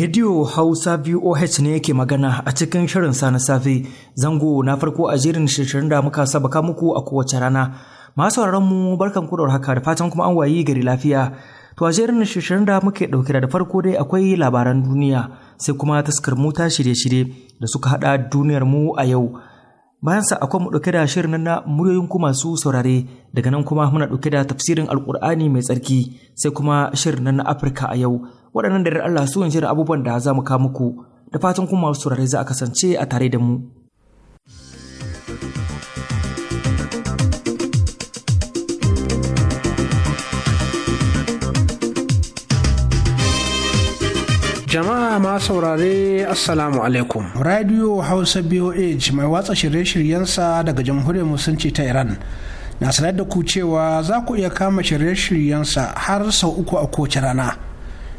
Radio Hausa VOH ne ke magana a cikin shirin sa na safe zango na farko a jerin shirin da muka saba ka muku a kowace rana. Masu mu barkan ku haka da fatan kuma an wayi gari lafiya. To a jerin shirin da muke dauke da farko dai akwai labaran duniya sai kuma taskar mota shirye-shirye da suka hada duniyar mu a yau. Bayan sa akwai mu dauke da shirin na muryoyin ku masu saurare daga nan kuma muna dauke da tafsirin Alkur'ani mai tsarki sai kuma shirin na Afirka a yau. waɗannan da Allah su yin shirin abubuwan da za mu kawo muku da fatan kuma saurare za a kasance a tare da mu. Jama'a ma saurare Assalamu alaikum. Radio Hausa BOH mai watsa shirye-shiryensa daga Jamhuriyar Musulunci ta Iran. Na sanar da ku cewa za ku iya kama shirye-shiryensa har sau uku a kowace rana.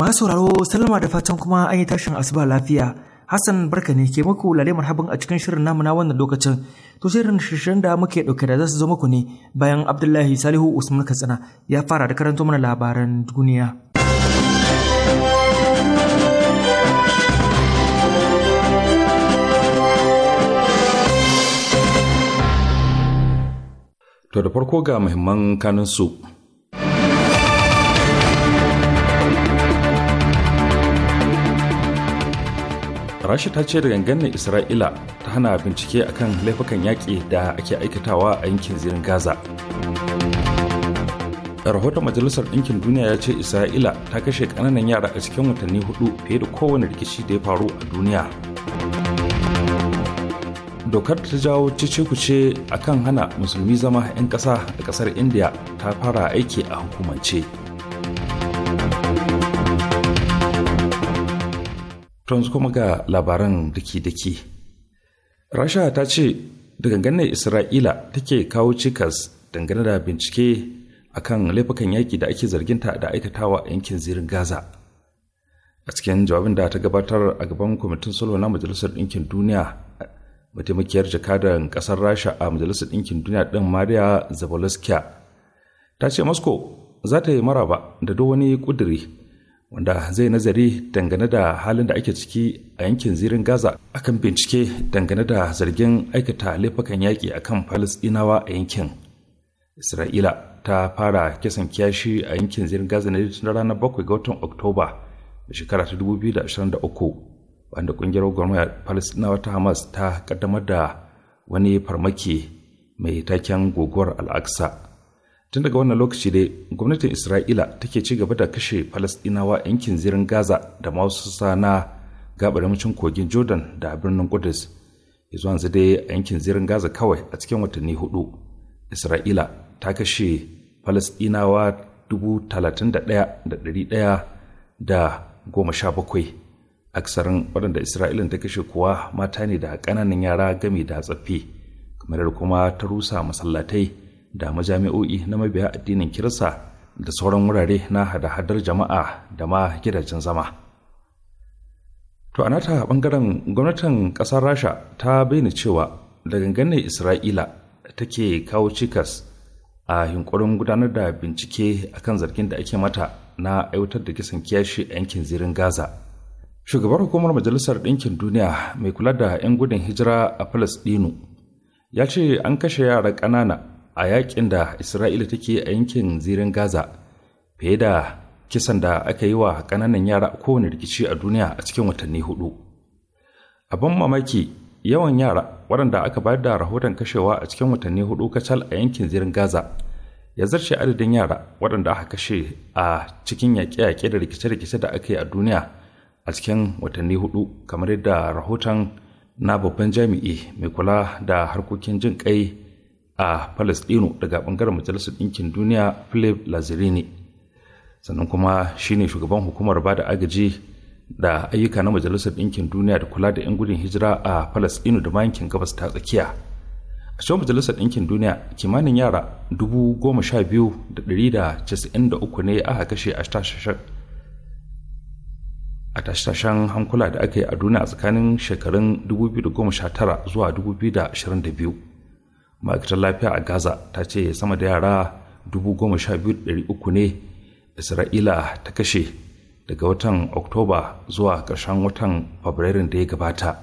masu sauraro sallama da fatan kuma an yi tashin asuba lafiya Hassan barka ne ke muku lale marhaban a cikin shirin namu na wannan lokacin. To shirin shirin da muke dauke da zasu zo muku ne bayan Abdullahi Salihu Usman Katsina ya fara da karanto mana labaran duniya. To da farko ga muhimman kanunsu. su. rasha ta ce da gangan isra'ila ta hana bincike akan laifukan yaƙi da ake aikatawa a yankin zirin gaza rahoton majalisar ɗinkin duniya ya ce isra'ila ta kashe ƙananan yara a cikin watanni hudu fiye da kowane rikici da ya faru a duniya dokar ta jawo cece-kuce kan hana musulmi zama 'yan ƙasa a ƙasar Indiya ta fara aiki a hukumance. tun kuma ga labaran daki-daki rasha ta ce daga ganganar isra'ila take kawo cikas dangane da bincike a kan laifukan yaƙi da ake zarginta da aikatawa a yankin zirin gaza a cikin jawabin da ta gabatar a gaban kwamitin sulhu na majalisar ɗinkin duniya mataimakiyar jakadan ƙasar rasha a majalisar ɗinkin duniya ɗin maria zaboloskiya ta ce moscow za ta yi maraba da duk wani ƙuduri wanda zai nazari dangane da halin da ake ciki a yankin zirin gaza akan bincike dangane da zargin aikata laifukan yaƙi akan falasɗinawa a yankin isra'ila ta fara kisan kiyashi a yankin zirin gaza na tun ranar 7 ga watan oktoba da shekara ta 2023 wanda ƙungiyar gwamnati falasɗinawa ta hamas ta kaddamar da wani farmaki mai taken guguwar al'aksa tun daga wannan lokaci dai gwamnatin isra'ila take ci gaba da kashe falastinawa yankin zirin gaza da masu sana gabaramcin kogin jordan da birnin kudus zuwa yanzu dai a yankin zirin gaza kawai a cikin watanni hudu isra'ila ta kashe falasɗinawa da goma sha bakwai aksarin waɗanda isra'ilin ta kashe kuwa mata ne da ƙananan yara gami da tsaffi kamar kuma ta rusa masallatai da majami'o'i na mabiya addinin kirista da sauran wurare na hada-hadar jama'a da ma gidajen zama to a nata bangaren gwamnatin ƙasar rasha ta bayyana cewa da gangan isra'ila take kawo cikas a yunkurin gudanar da bincike akan zargin da ake mata na aiwatar da kisan kiyashi a yankin zirin gaza Shugaban hukumar majalisar ɗinkin duniya mai kula da 'yan gudun hijira a falasɗinu ya ce an kashe yara ƙanana a yakin da isra'ila take a yankin zirin gaza fiye da kisan da aka yi wa ƙananan yara kowane rikici a duniya a cikin watanni hudu abin mamaki yawan yara waɗanda aka bayar da rahoton kashewa a cikin watanni hudu kacal a yankin zirin gaza ya zarce adadin yara waɗanda aka kashe a cikin yaƙe-yaƙe da rikice-rikice da aka yi a duniya a cikin watanni hudu kamar yadda rahoton na babban jami'i mai kula da harkokin jin ƙai a palestino daga bangaren majalisar ɗinkin duniya philip lazarini sannan kuma shine shugaban hukumar ba da agaji da ayyuka na majalisar ɗinkin duniya da kula da 'yan gudun hijira a palestino da mayankin gabas ta tsakiya a cikin majalisar ɗinkin duniya kimanin yara 12,193 ne aka kashe a a tashe hankula da aka yi a duniya a tsakanin shekarun 2019 zuwa 2022 ma'aikatar lafiya a gaza ta ce sama da yara 12,300 ne isra'ila ta kashe daga watan oktoba zuwa ƙarshen watan fabrairun da ya gabata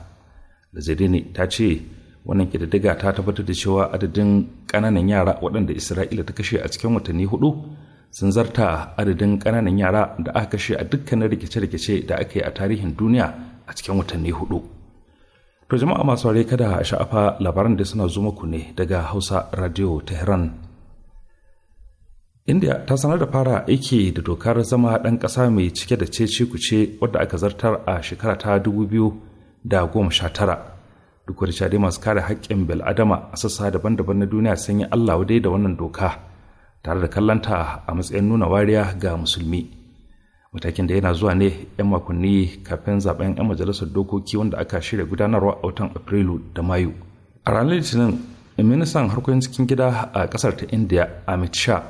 da zidane ta ce wannan ƙididdiga ta tabbatar da cewa adadin ƙananan yara waɗanda isra'ila ta kashe a cikin watanni hudu sun zarta adadin ƙananan yara da aka kashe a dukkanin rikice-rikice da aka yi a tarihin duniya a cikin watanni hudu. To jama'a masu ware kada a sha'afa labaran da suna zo ku ne daga Hausa Radio Tehran. India ta sanar da fara aiki da dokar zama ɗan ƙasa mai cike da ceci kuce wadda aka zartar a shekara ta tara Duk da shade masu kare haƙƙin bil'adama a sassa daban-daban na duniya sun yi Allah wadai da wannan doka tare da kallanta a matsayin nuna wariya ga musulmi. matakin da yana zuwa ne 'yan makonni kafin zaben 'yan majalisar dokoki wanda aka shirya gudanarwa a watan afrilu da mayu a ranar litinin ministan harkokin cikin gida a kasar ta india amit shah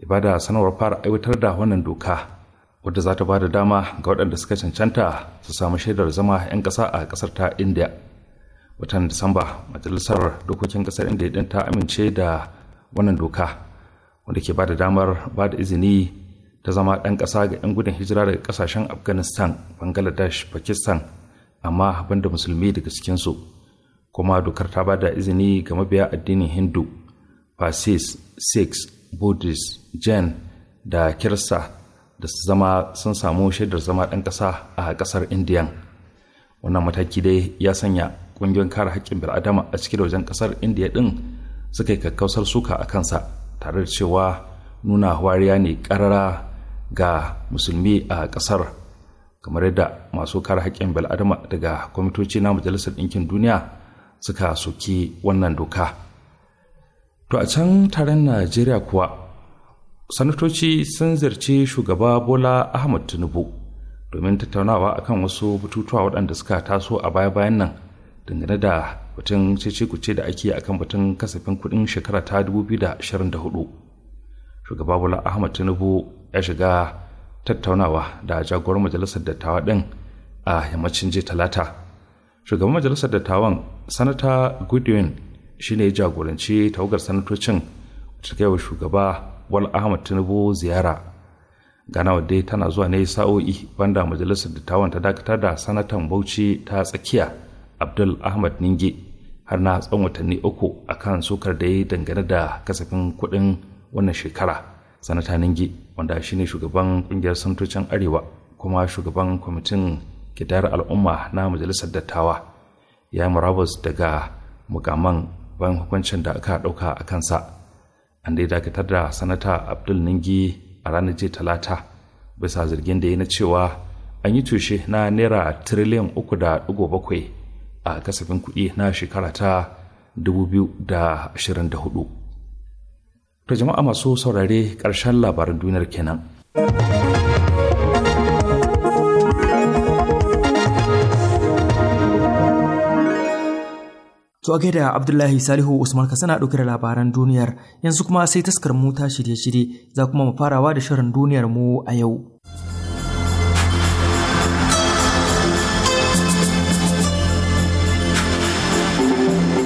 ibada sanarwar fara aiwatar da wannan doka wadda za ta ba da dama ga waɗanda suka cancanta su samu shaidar zama 'yan ƙasa a ƙasar ta india watan disamba majalisar dokokin ƙasar india ɗin ta amince da wannan doka wanda ke ba da damar ba da izini ta zama ɗan ƙasa ga 'yan gudun hijira daga ƙasashen afghanistan bangladesh pakistan amma da musulmi daga cikinsu kuma dokar ta ba da izini ga mabiya addinin hindu fasis sikhs buddhist jain da kirista da su zama sun samu shaidar zama ɗan ƙasa a ƙasar indiyan wannan mataki dai ya sanya ƙungiyoyin kare haƙƙin bil'adama a cikin wajen ƙasar indiya ɗin suka yi kakkausar suka a kansa tare da cewa nuna wariya ne ƙarara ga musulmi a ƙasar kamar yadda masu kare haƙƙin bil'adama daga kwamitoci na majalisar ɗinkin duniya suka soki wannan doka to a can taron najeriya kuwa sanatoci sun ziyarci shugaba bola ahmad tinubu domin tattaunawa akan wasu batutuwa waɗanda suka taso a baya-bayan nan dangane da batun cece da ake akan batun kasafin kuɗin shekara ta 2024 shugaba bola ahmad tinubu ya shiga tattaunawa da jagorar majalisar dattawa din a yammacin jiya talata shugaban majalisar dattawan sanata goodwin shine ne jagoranci tawagar sanatocin ta wa shugaba wal ahmad tinubu ziyara gana dai tana zuwa ne sa'o'i banda majalisar dattawan ta dakatar da sanatan bauchi ta tsakiya abdul ahmad ninge har na tsawon watanni uku akan sukar da ya dangane da kasafin kuɗin wannan shekara sanata ninge wanda ne shugaban kungiyar samtocin arewa kuma shugaban kwamitin kidayar al'umma na majalisar dattawa ya yi murabus daga mukaman bayan hukuncin da aka ɗauka a kansa an dai dakatar da sanata abdul ningi a ranar jiya talata bisa zargin da ya na cewa an yi tushe na naira tiriliyan uku da ɗigo bakwai a kasafin kuɗi na shekara ta 2024 To jama'a masu saurare ƙarshen labaran duniyar kenan. To a gaida Abdullahi Salihu Usman ka sana ɗauke da labaran duniyar yanzu kuma sai taskar mu ta shirye-shirye za kuma mu farawa da shirin duniyar mu a yau.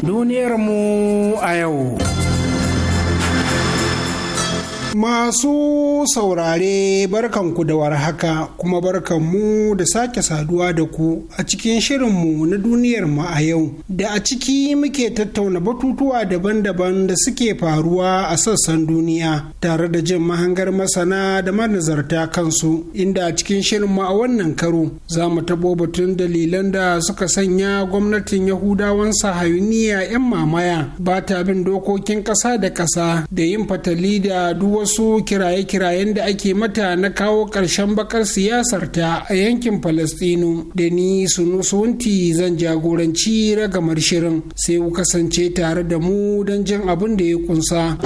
Duniyar mu a yau. Masu saurare barkan ku da warhaka kuma barkanmu da sake saduwa da ku a cikin shirin mu na duniyar mu a yau da a ciki muke tattauna batutuwa daban-daban da suke faruwa a sassan duniya tare da jin mahangar masana da manazarta kansu inda a cikin mu a wannan karo za mu tabo batun dalilan da suka sanya gwamnatin Yahudawan Sahayuniya 'yan mamaya ba ta bin dokokin ƙasa da ƙasa da yin fatali da duk wasu kiraye-kirayen da ake mata na kawo ƙarshen bakar siyasar ta a yankin Falastinu da ni sunusunti zan jagoranci ragamar shirin sai ku kasance tare da mu don jin abin da ya kunsa.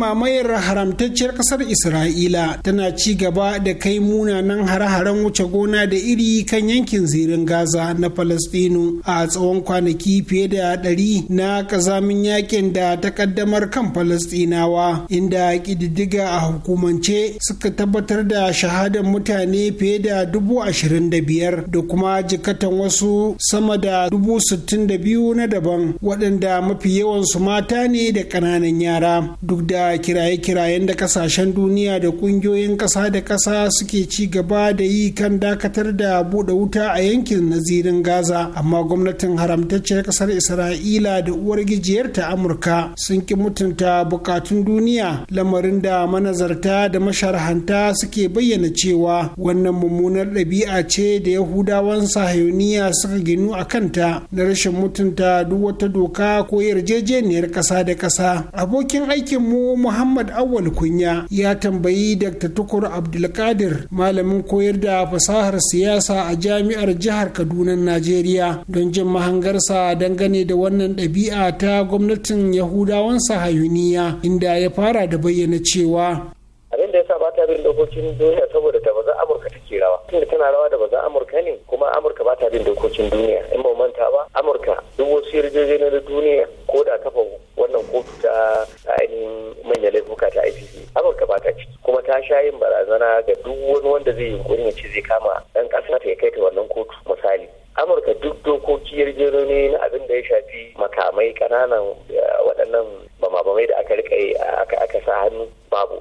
mamayar haramtacciyar kasar isra'ila tana ci gaba da kai munanan hare-haren wuce gona da iri kan yankin zirin gaza na falastinu a tsawon kwanaki fiye da ɗari na ƙazamin yakin da ta ƙaddamar kan falastinawa inda ƙididdiga a hukumance suka tabbatar da shahadar mutane fiye da dubu ashirin da biyar da kuma jikatan wasu sama da dubu sittin da biyu na daban waɗanda mafi yawan su mata ne da ƙananan yara duk da kiraye-kirayen da kasashen duniya da kungiyoyin ƙasa da ƙasa suke ci gaba da yi kan dakatar da buɗe wuta a yankin nazirin gaza amma gwamnatin haramtacciyar ƙasar isra'ila da uwar ta amurka sun ki mutunta bukatun duniya lamarin da manazarta da masharhanta suke bayyana cewa wannan mummunar ɗabi'a ce da yahudawan sahayuniya suka ginu a kanta na rashin mutunta duk wata doka ko yarjejeniyar ƙasa da ƙasa abokin aikin mu muhammad awal kunya ya tambayi dr tukur abdulkadir malamin koyar da fasahar siyasa a jami'ar jihar kaduna najeriya don jin mahangarsa dangane da wannan ɗabi'a ta gwamnatin yahudawan sahayuniya inda ya fara da bayyana cewa abin da ya sa ba ta bin dokokin duniya saboda ta bazan amurka take rawa tunda tana rawa da baza amurka ne kuma amurka ba ta bin dokokin duniya in ba manta ba amurka duk wasu yarjejeniyar duniya ko da kafa kan kotu ta ainihin manyan laifuka ta ICC amurka ba ta ciki kuma ta sha yin barazana ga duk wani wanda zai yunkuri ya ce zai kama ɗan ƙasa ta ya kai ta wannan kotu misali amurka duk dokoki ne na abin da ya shafi makamai ƙananan eh, waɗannan bama-bamai da aka rika aka sa hannu babu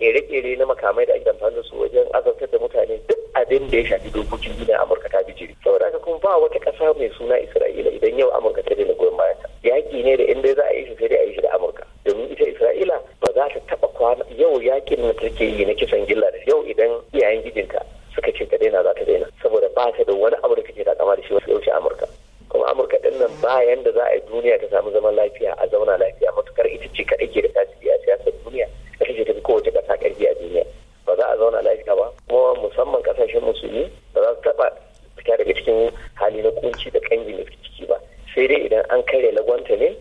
kere-kere na makamai da ake amfani da su wajen azabtar da mutane duk abin da ya shafi dokokin duniya amurka ta jiri saboda haka kuma ba wata ƙasa mai suna isra'ila idan yau amurka ta daina goyon bayanta yaƙi ne da inda za a yi shi sai dai a yi shi da amurka domin ita isra'ila ba za ta taɓa kwana yau yakin da take yi na kisan gilla da yau idan iyayen gijinta suka ce ka daina za ta daina saboda ba ta da wani abu da kake kama da shi wasu yaushe amurka kuma amurka din nan bayan da za a yi duniya ta samu zaman lafiya a zauna lafiya matukar ita ce kaɗai ke da tasiri a siyasar duniya ita ce tafi kowace ƙasa ƙarfi a duniya ba za a zauna lafiya ba kuma musamman ƙasashen musulmi ba za su taɓa fita daga cikin hali na kunci da kangi na ciki ba sai dai idan an karya lagwanta ne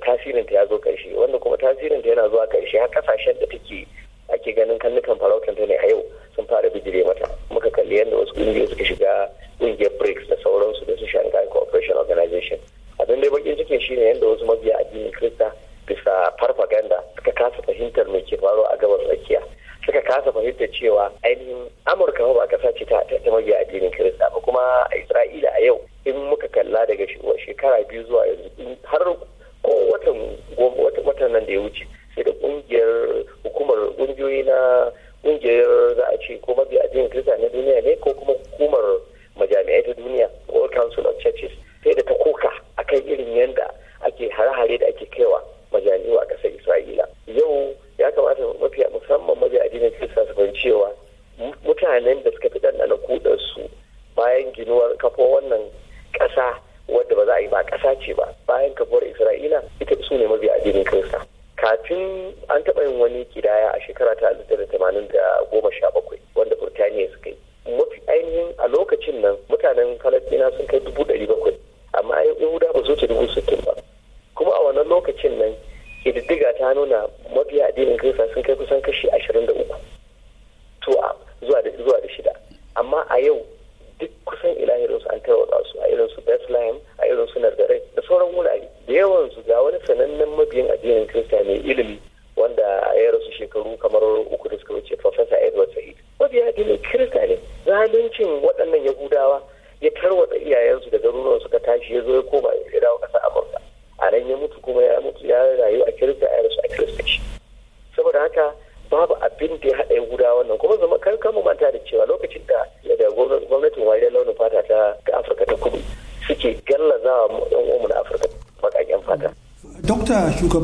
tasirinta ya zo ƙarshe wanda kuma tasirinta yana zuwa ƙarshe har ƙasashen da take ake ganin kannukan farautanta ne a yau sun fara bijire mata muka kalli yadda wasu ƙungiyoyi suka shiga ƙungiyar brics da sauransu da su shanghai cooperation organization abin dai bakin cikin shine yadda wasu mabiya addinin krista bisa farfaganda suka kasa fahimtar mai ke faruwa a gabar tsakiya suka kasa fahimtar cewa ainihin amurka ba kasa ce ta ta mabiya addinin kirista ba kuma isra'ila a yau in muka kalla daga shekara biyu zuwa yanzu har ko watan nan da ya wuce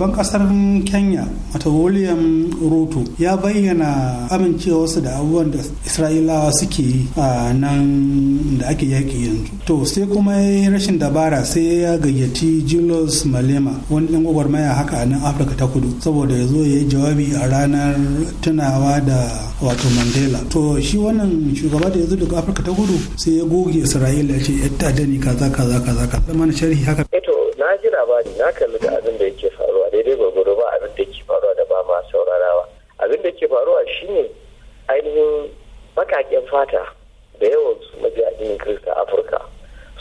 shugaban kasar kenya wato william ruto ya bayyana amincewarsu da abubuwan da isra'ilawa suke yi a nan da ake yaƙi yanzu to sai kuma ya yi rashin dabara sai ya gayyaci julius malema wani ɗan gwagwarmaya haka a nan afirka ta kudu saboda ya zo ya yi jawabi a ranar tunawa da wato mandela to shi wannan shugaba da ya zo daga afirka ta kudu sai ya goge isra'ila ce ya tada ni kaza kaza kaza kaza mana sharhi haka eh na ji labari na kalli da abin da yake abin da ke faruwa shine ainihin bakaken fata da yawan su a kirista afirka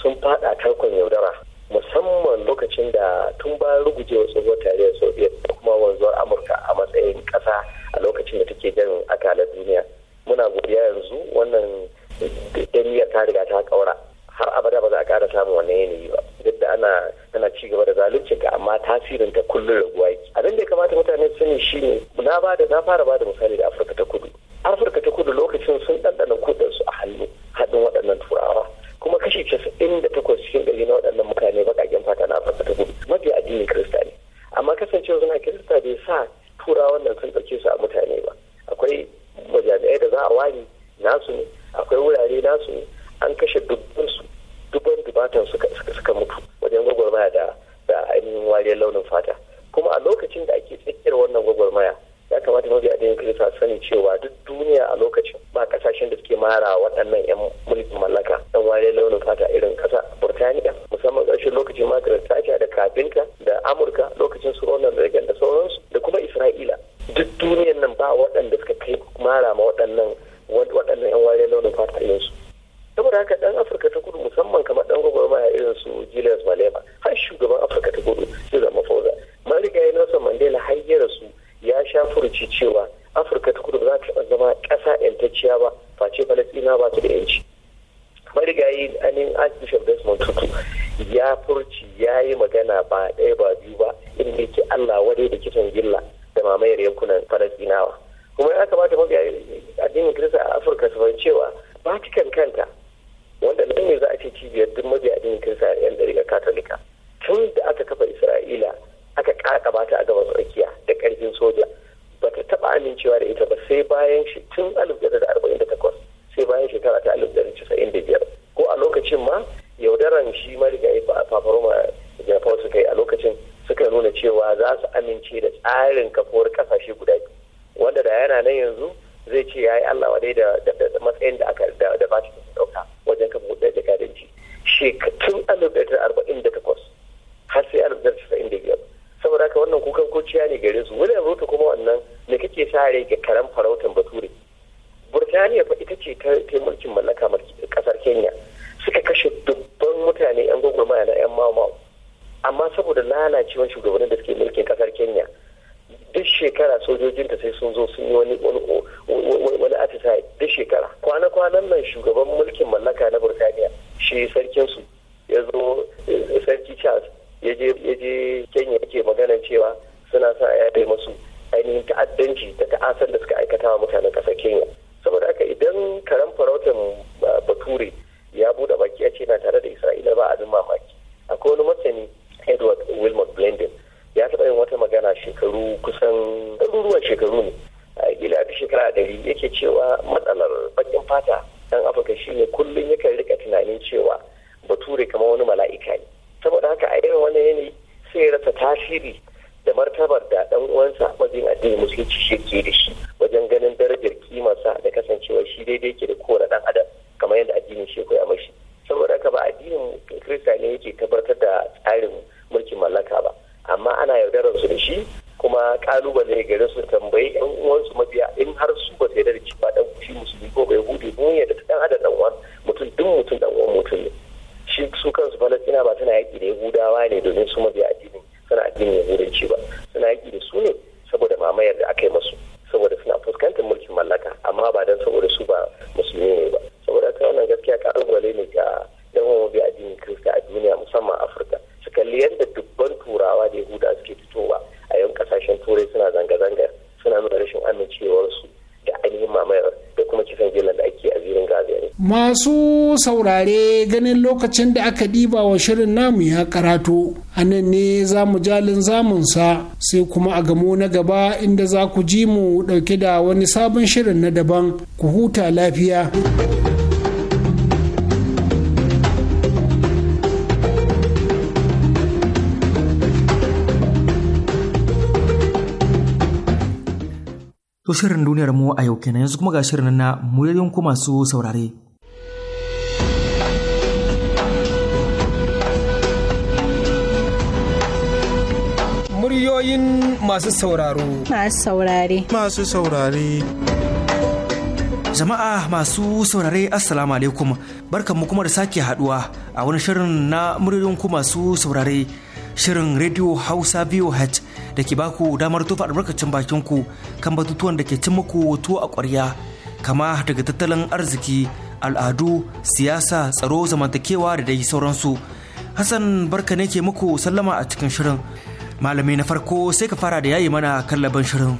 sun fada tarkon yaudara musamman lokacin da tun bayan rugujewa tsohuwar tarayyar soviet da kuma wanzuwar amurka a matsayin ƙasa a lokacin da take jan akalar duniya muna godiya yanzu wannan daniyar ta riga ta kaura har abada ba za a ƙara samun wannan yanayi ba duk da ana tana ci gaba da zaluncin ka amma tasirin ta kullum raguwa yake abin da ya kamata mutane su sani shine na bada na fara bada misali da Afirka ta Kudu Afirka ta Kudu lokacin sun ɗanɗana kudin su a hannu haɗin waɗannan turawa kuma kashi casa'in da takwas cikin ɗari na waɗannan mutane baƙaƙen fata na Afirka ta Kudu mafi addinin Kirista ne amma kasancewa suna Kirista bai sa turawan nan sun ɗauke su a mutane ba akwai majami'ai da za a wani nasu ne akwai wurare nasu ne an kashe dubban su dubban dubatan suka mutu wajen gwagwarmaya da da ainihin wariyar launin fata kuma a lokacin da ake tsakiyar wannan gwagwarmaya ya kamata mafi addinin kirista sani cewa duk duniya a lokacin ba kasashen da suke mara waɗannan 'yan mulkin mallaka yan wariyar launin fata irin ƙasa burtaniya musamman ƙarshen lokacin margaret thatcher da kafinta da amurka lokacin su ronald reagan da sauransu da kuma isra'ila duk duniyan nan ba waɗanda suka kai mara ma waɗannan waɗannan 'yan wariyar launin fata irinsu saboda haka dan afirka ta kudu musamman kamar dan gwagwarmaya irin su julius malema har shugaban afirka ta kudu su zama fauza marigayi nelson mandela har ya rasu ya sha furuci cewa afirka ta kudu ba za ta zama ƙasa yantacciya ba face falastina ba su da yanci marigayi anin archbishop desmond tutu ya furci ya yi magana ba ɗaya ba biyu ba inda yake allah wadai da kitan gilla da mamayar yankunan falastinawa kuma ya kamata mabiya addinin kirista a afirka su cewa vatican kanta wanda nan ne za a ce cibiyar duk mabiya addinin sa yan dariga katolika tun da aka kafa isra'ila aka ƙaƙa bata a gaban tsakiya da karfin soja ba ta taba amincewa da ita ba sai bayan shi tun alif sai bayan shekara ta alif da ko a lokacin ma yaudaran shi marigayi fafaroma japan suka yi a lokacin suka nuna cewa za su amince da tsarin kafuwar kasashe guda biyu wanda da yana nan yanzu zai ce ya yi Allah wadai da matsayin da aka da bashi da ɗauka wajen kan buɗe jakadanci tun alif ɗaya arba'in da takwas har sai alif ɗaya casa'in da biyar saboda haka wannan kukan kociya ne gare su william ruto kuma wannan me kake sa rai ga karan farautan bature burtaniya fa ita ce ta mulkin mallaka kasar kenya suka kashe dubban mutane yan gwagwarmaya na yan mawamaw amma saboda lalacewar shugabannin da suke mulkin kasar kenya duk shekara sojojinta sai sun zo sun yi wani wani atisaye duk shekara kwana-kwanan nan shugaban mulkin mallaka na burtaniya shi sarkinsu ya zo sarki charles ya je kenya yake magana cewa suna sa ya masu ainihin ta'addanci da ta'asar da suka aikata wa mutanen ƙasar kenya saboda haka idan karen farautar ah, bature ya bude baki ya ce na tare da isra'ila ba abin mamaki akwai wani masani edward wilmot blending ya taɓa yin wata magana shekaru kusan ɗaruruwan shekaru ne a gila a shekara ɗari yake cewa matsalar baƙin fata ɗan afirka ne kullum yakan rika tunanin cewa bature kamar wani mala'ika ne saboda haka a irin wannan yanayi sai rasa tasiri da martabar da ɗan uwansa wajen addini musulunci shi ke da shi wajen ganin darajar kimarsa da kasancewa shi daidai ke da kowane ɗan adam kamar yadda addini shi ya koya mashi su da shi kuma kalubale gare su tambayi yan uwansu mabiya in har su ba sai da ci ba dan kushi musulmi ko bai hudu mun yadda ta dan adam dan uwan mutum duk mutum dan uwan mutum ne shi su kansu falastina ba tana yaki da yahudawa ne domin su mabiya masu saurare ganin lokacin da aka diba wa shirin namu ya karatu a nan ne za mu jalin zamunsa sai kuma a gamo na gaba inda za ku ji mu dauke da wani sabon shirin na daban ku huta lafiya. To shirin duniyar mu a yau kenan yanzu kuma ga shirin na muryoyin ku masu saurare. masu sauraro. Masu saurare. Masu saurare. Jama'a masu saurare Assalamu alaikum mu kuma da sake haduwa a wani shirin na muryoyin ku masu saurare shirin Radio Hausa VOH da ke baku damar tofa albarkacin bakin ku kan batutuwan da ke cin muku tuwo a ƙwarya kama daga tattalin arziki al'adu siyasa tsaro zamantakewa da dai sauransu. Hassan barka ne ke muku sallama a cikin shirin. malami na farko sai ka fara da yayi mana kallaban shirin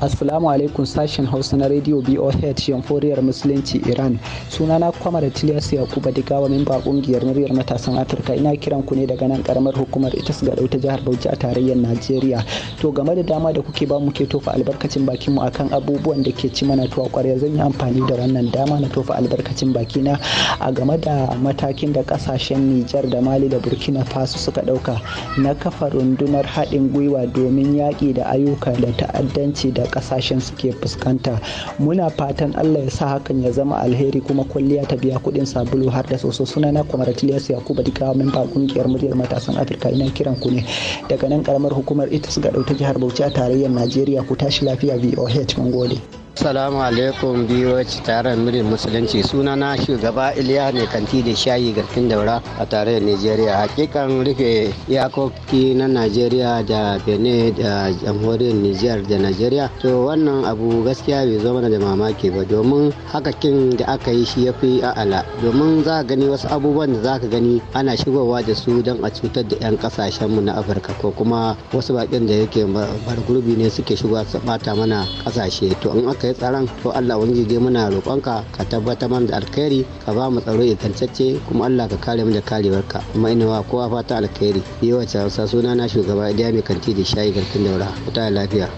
Assalamu alaikum sashen Hausa na Radio BOH Yamforiyar Musulunci Iran. Sunana Kwamar Tiliyasu Yakuba Digawa memba kungiyar muryar matasan Afirka. Ina kiran ku ne daga nan karamar hukumar ita su gadau ta jihar Bauchi a tarayyar Najeriya. To game da dama da kuke ba mu ke tofa albarkacin bakin mu akan abubuwan da ke ci mana tuwa kwarya zan yi amfani da wannan dama na tofa albarkacin baki na a game da matakin da kasashen Nijar da Mali da Burkina Faso suka ɗauka na kafa rundunar haɗin gwiwa domin yaki da ayyuka da ta'addanci da kasashen suke fuskanta muna fatan allah ya sa hakan ya zama alheri kuma kwalliya ta biya kudin sabulu har da soso suna na kwamar tiliyasu yakuba dika memba kungiyar muryar matasan afirka ina kiran ku ne daga nan karamar hukumar ita suka dauki jihar bauchi a tarayyar najeriya ku tashi lafiya voh mun gode. Salamu alaikum biyoci taron mirin musulunci suna na shugaba Iliya ne kanti da shayi garkin daura a tarayyar nijeriya Hakikan rufe iyakoki na Najeriya da Benin da jamhuriyar Nijar da Najeriya. To wannan abu gaskiya bai zo mana da mamaki ba domin hakakin da aka yi shi ya fi a'ala. Domin za ka gani wasu abubuwan da za ka gani ana shigowa da su don a cutar da 'yan kasashen mu na Afirka ko kuma wasu bakin da yake bar gurbi ne suke shigowa su bata mana kasashe. To in aka kai tsaron to Allah wani dai muna roƙonka ka tabbatar mana da alkhairi ka ba mu tsaro ingantacce kuma Allah ka kare mu da karewarka kuma ina wa kowa fata alkhairi yi wacce hausa suna na shugaba Idiya mai kanti da shayi garkin daura ku ta lafiya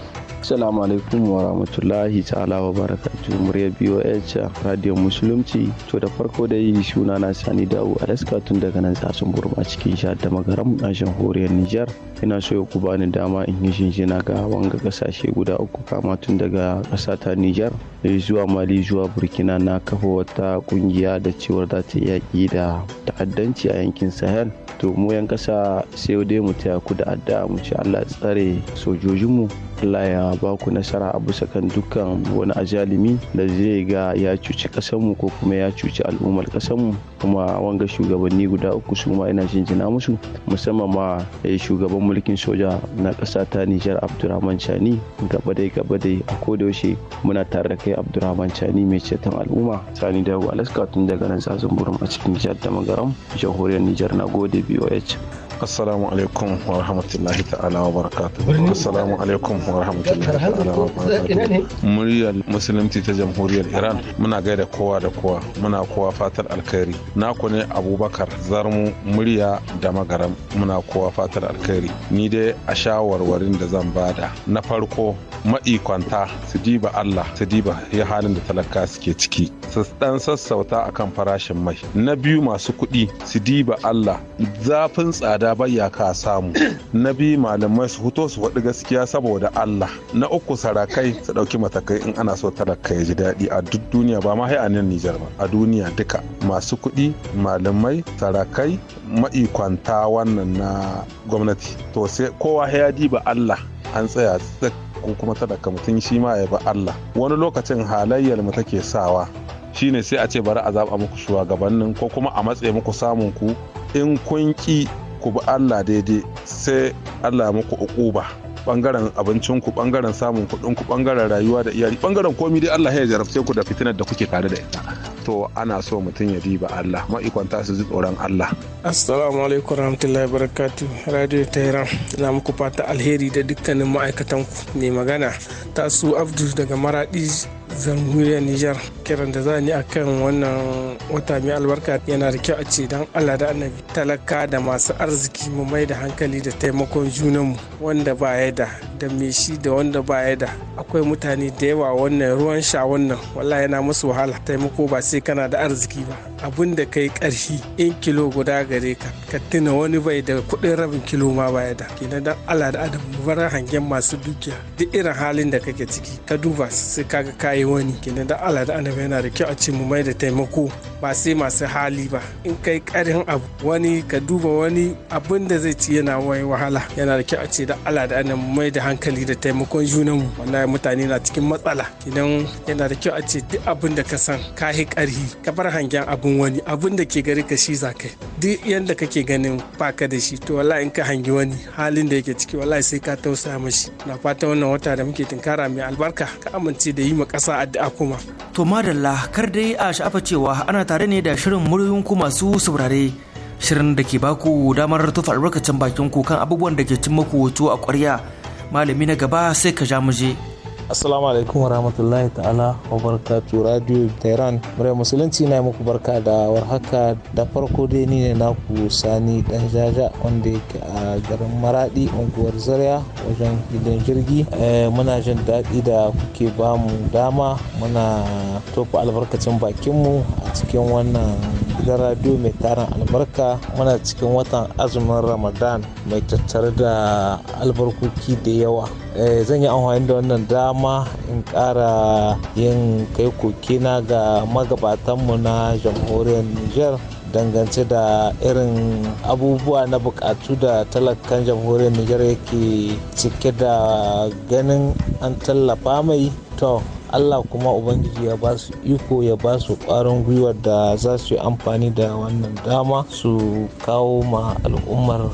Assalamu alaikum wa rahmatullahi ta'ala wa barakatuh muryar BOH Radio Musulunci. To da farko da yi suna na Sani dawo Alaska tun daga nan sasun burma cikin sha da magaram a jamhuriyar Nijar. Ina so ya ku bani dama in yi shinshina ga wanga kasashe guda uku kama tun daga ƙasa ta Nijar eh, zuwa Mali zuwa Burkina na kafa wata kungiya da cewar za ta yaƙi da ta'addanci a yankin Sahel. To mu yan ƙasa sai dai mu taya ku da adda mu ci Allah tsare sojojinmu Allah ya ba ku nasara a bisa kan dukkan wani ajalimi da zai ga ya cuci kasanmu ko kuma ya cuci al'ummar kasanmu kuma wanga shugabanni guda uku su ma ina jinjina musu musamman ma eh, shugaban mulkin soja na ƙasa ta Nijar Abdurrahman Chani gaba dai gaba dai a kodayaushe muna tare da kai Abdurrahman Chani mai ceton al'umma Sani da Alaska tun daga nan Tsatsun a cikin Jihar Damagaram jamhuriyar Nijar na gode BOH. assalamu alaikum wa rahmatullahi ta'ala wa barakatuh assalamu alaikum wa rahmatullahi ta'ala wa barakatuh muryar musulunci ta jamhuriyar iran muna gaida kowa da kowa muna kowa fatar alkhairi ku ne abubakar zarmu murya da magaram muna kowa fatar alkhairi ni dai a shawarwarin da zan bada na farko ma'ikwanta su diba allah su diba ya halin da talaka suke ciki su dan sassauta akan farashin mai na biyu masu kuɗi su diba allah zafin tsada iya ba ka samu na bi malamai su fito su faɗi gaskiya saboda Allah na uku sarakai su ɗauki matakai in ana so talaka ya ji daɗi a duk duniya ba ma a nan Nijar ba a duniya duka masu kuɗi malamai sarakai ma'ikwanta wannan na gwamnati to sai kowa ya diba Allah an tsaya ko kuma talaka mutum shi ma ya ba Allah wani lokacin halayyar mu take sawa shine sai a ce bari a zaɓa muku shugabannin ko kuma a matse muku samun ku in kun ki ku bi Allah daidai sai Allah muku uquba bangaren abincin ku bangaren samun kuɗin ku bangaren rayuwa da iyali bangaren komai dai Allah ya jarabce ku da fitinar da kuke tare da ita to ana so mutum ya bi ba Allah ma'ikwanta su ji tsoron Allah assalamu alaikum warahmatullahi barakatu radio tehran ina muku fata alheri da dukkanin ma'aikatan ku ne magana tasu abdu daga maradi jamhuriyar niger kiran da za ni akan wannan wata mai albarka yana da kyau a ce dan Allah da annabi talaka da masu arziki mu mai da hankali da taimakon junanmu wanda ba ya da da me shi da wanda ba ya da akwai mutane da yawa wannan ruwan sha wannan wala yana musu wahala taimako ba sai kana da arziki ba abin da kai karshi in kilo guda gare ka ka tuna wani bai da kuɗin rabin kilo ma ba ya da kenan dan Allah da adam bar hangen masu dukiya duk irin halin da kake ciki ka duba sai kaga kayi wani kenan dan Allah da annabi yana da kyau a ce mu mai da taimako ba sai masu hali ba in kai karin abu wani ka duba wani abin da zai ci yana wai wahala yana da kyau a ce da ala da ana mai da hankali da taimakon junanmu ya mutane na cikin matsala idan yana da kyau a ce duk abin da ka san ka yi karhi ka bar hangen abin wani abin da ke gari ka shi zakai duk yanda kake ganin baka da shi to wallahi in ka hangi wani halin da yake ciki wallahi sai ka tausaya mashi na fata wannan wata da muke tinkara mai albarka ka amince da yi ma ƙasa addu'a kuma madalla kar dai a sha'afa cewa ana tare ne da shirin muryoyin ku masu saurare shirin da ke baku damar tufa albarkacin bakin ku kan abubuwan da ke cin maku hoto a ƙwarya malami na gaba sai ka ja muje. Assalamu alaikum warahmatullahi ta'ala wa barakatu Radio Tehran. Murai Musulunci na muku barka da warhaka da farko dai ni ne naku Sani Dan Jaja wanda yake a garin Maradi unguwar Zaria wajen gidan jirgi. Eh, muna jin daɗi da kuke ba mu dama muna tofa albarkacin bakinmu a cikin wannan gidan radio mai tarin albarka muna cikin watan azumin Ramadan mai tattare da albarkoki da yawa. Eh, zan yi amfani da wannan dama in ƙara yin kai kokina ga magabatanmu na jamhuriyar Nijar dangance da irin abubuwa na bukatu da talakan jamhuriyar niger yake cike da ganin an tallafa mai to Allah kuma Ubangiji ya ba iko ya ba su ƙwarin gwiwar da za su yi amfani da wannan dama su kawo ma al'ummar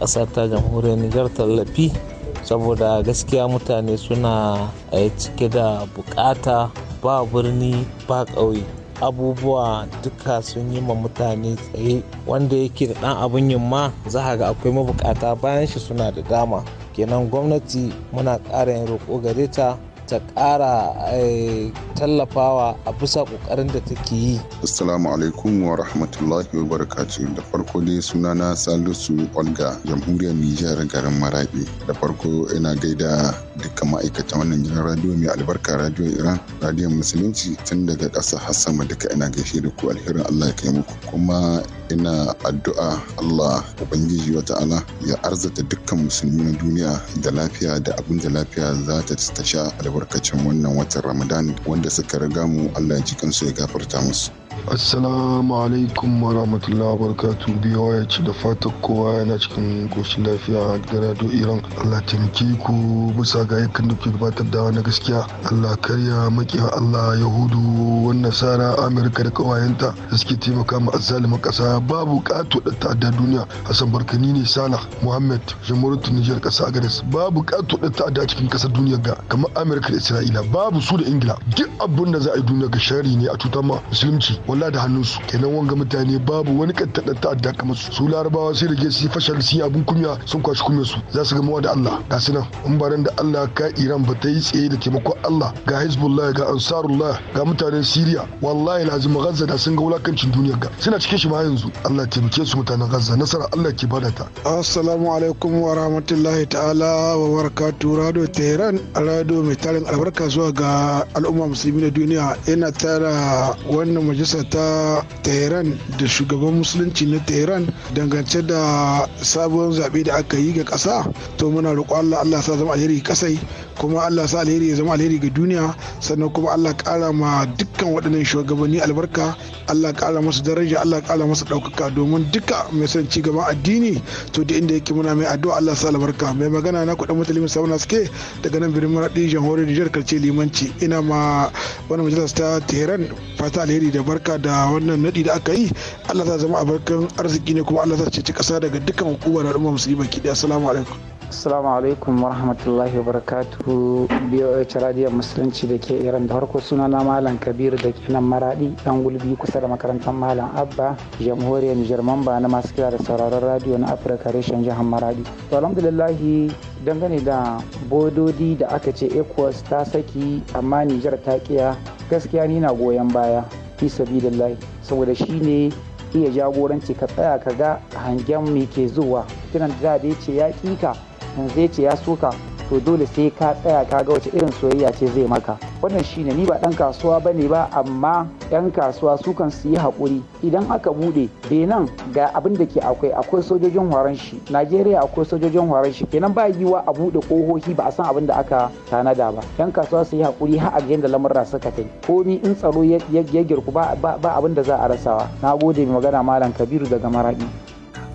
ƙasar ta jamhuriyar Nijar tallafi saboda gaskiya mutane suna eh, cike da bukata ba birni ba ƙauye abubuwa duka sun yi ma mutane tsaye wanda yake da ɗan abin yin ma za ga akwai mabukata bayan shi suna da dama kenan gwamnati muna ƙara yin roƙo gare ta ta ƙara eh, tallafawa a bisa ƙoƙarin da take yi. Assalamu alaikum wa rahmatullahi wa barakatu da farko dai sunana Salisu Olga jamhuriyar Nijar garin Maraɗi da farko ina gaida dukkan ma'aikatan wannan gidan radio mai albarka radio iran radio musulunci tun daga ƙasa har sama duka ina gaishe da ku alherin allah ya kai muku kuma ina addu'a allah ubangiji wa ta'ala ya arzata dukkan musulmi na duniya da lafiya da abin da lafiya za ta ta sha albarkacin wannan watan ramadan wanda suka riga mu allah ya ji kansu ya gafarta musu Assalamu alaikum wa rahmatullahi wa ya ci da fatan kowa yana cikin koshin lafiya da radio Iran. Allah taimake ku bisa ga yakan ke gabatar dawa na gaskiya. Allah karya makiya Allah Yahudu wannan sara Amerika da kawayenta da suke taimaka ma azzalimin kasa babu kato da ta'addar duniya. Hassan Barkani ne Salah Muhammad jamhuriyar Nijar kasa Agares babu kato da ta'adda cikin kasar duniya ga kamar Amerika da Isra'ila babu su da Ingila duk abin da za a yi duniya ga shari ne a cutar ma musulunci wallahi da hannun su kenan wanga mutane babu wani kattaɗa ta'adda kamar su su larabawa sai ke su fashal su yi abun kunya sun kwashi kunya su za su gama da Allah ga su nan in ba da Allah ka Iran ba ta yi tsaye da taimakon Allah ga Hezbollah ga Ansarullah ga mutanen Syria wallahi lazim Gaza da sun ga wulakancin duniyar ga suna cikin shi ma yanzu Allah taimake su mutanen Gaza nasara Allah ke bada ta assalamu alaikum wa rahmatullahi ta'ala wa barakatuh radio Tehran radio mai tarin albarka zuwa ga al'umma musulmi na duniya ina tara wannan majalisar majalisa ta tehran da shugaban musulunci na tehran dangance da sabon zaɓe da aka yi ga ƙasa to muna roƙo allah allah sa zama alheri kasai kuma Allah sa alheri ya zama alheri ga duniya sannan kuma Allah kara ma dukkan waɗannan shugabanni albarka Allah kara masu daraja Allah kara masu ɗaukaka domin duka mai son ci gaban addini to da inda yake muna mai addu'a Allah sa albarka mai magana na kuɗin musulmi samun suke daga nan birnin maraɗi da Nijar karce limanci ina ma wani majalis ta Tehran fata alheri da barka da wannan naɗi da aka yi Allah sa zama albarkan arziki ne kuma Allah sa ce ci ƙasa daga dukkan hukumar al'umma musulmi baki ɗaya assalamu alaikum. Assalamu alaikum wa rahmatullahi wa barakatuhu BOH Radiyar Musulunci da ke Iran da harko suna na Malam Kabir da ke nan Maradi dan gulbi kusa da makarantar Malam Abba jamhuriyar Nijar mamba na masu kira da sauraron radio na Afirka reshen jihar Maradi. To alhamdulillahi dangane da bododi da aka ce ECOWAS ta saki amma Nijar ta kiya gaskiya ni na goyon baya fi sabidillahi saboda shi ne iya jagoranci ka tsaya ka ga hangen me ke zuwa Tunan da ce ya ƙi ka yanzu ya ce ya soka to dole sai ka tsaya ka ga wace irin soyayya ce zai maka wannan shine ni ba dan kasuwa bane ba amma yan kasuwa su kan su yi haƙuri idan aka bude benin eh ga abin da ke akwai akwai sojojin horon shi najeriya akwai sojojin horon shi kenan ba yiwa a bude kohohi ba a san abin da aka tanada ba yan kasuwa su yi hakuri har a yanda lamurra suka kai komi in tsaro ya girku ba abin da za a rasawa na gode mai magana malam kabiru daga maraɗi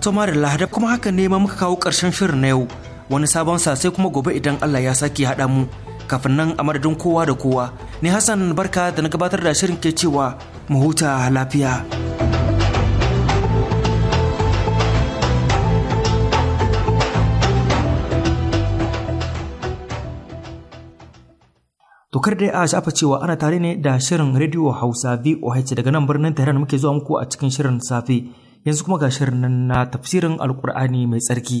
to marilla da kuma haka ne ma muka kawo karshen shirin na yau wani sabon sa sai kuma gobe idan Allah ya sake haɗa mu kafin nan a madadin kowa da kowa ne Hassan barka da na gabatar da shirin ke cewa mu huta lafiya. To kar dai a shafa cewa ana tare ne da shirin rediyo Hausa VOH daga nan birnin Tehran muke zuwa muku a cikin shirin safe. Yanzu kuma ga shirin nan na tafsirin Alkur'ani mai tsarki.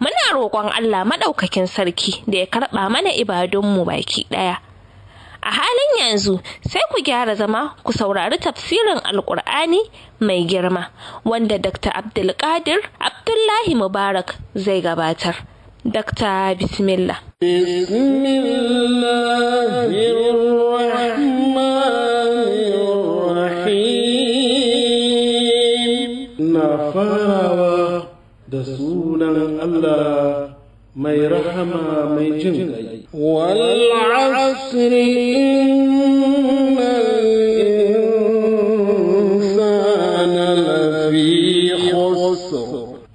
muna roƙon Allah maɗaukakin sarki da ya karɓa mana ibadunmu baki ɗaya. A halin yanzu sai ku gyara zama ku saurari tafsirin Alƙur'ani mai girma wanda Dr. Abdulkadir Abdullahi Mubarak zai gabatar. Dr. Bismillah. Bismillahirrahmanirrahim. da sunan Allah mai rahama mai jin ƙai.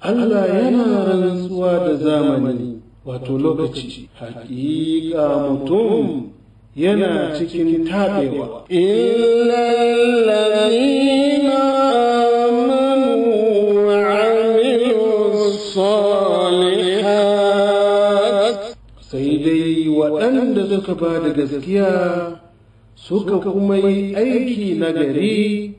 Allah yana rantsuwa da zamani wato lokaci, haƙiƙa mutum yana cikin taɓewa. Illa suka ba da gaskiya suka kuma yi aiki na gari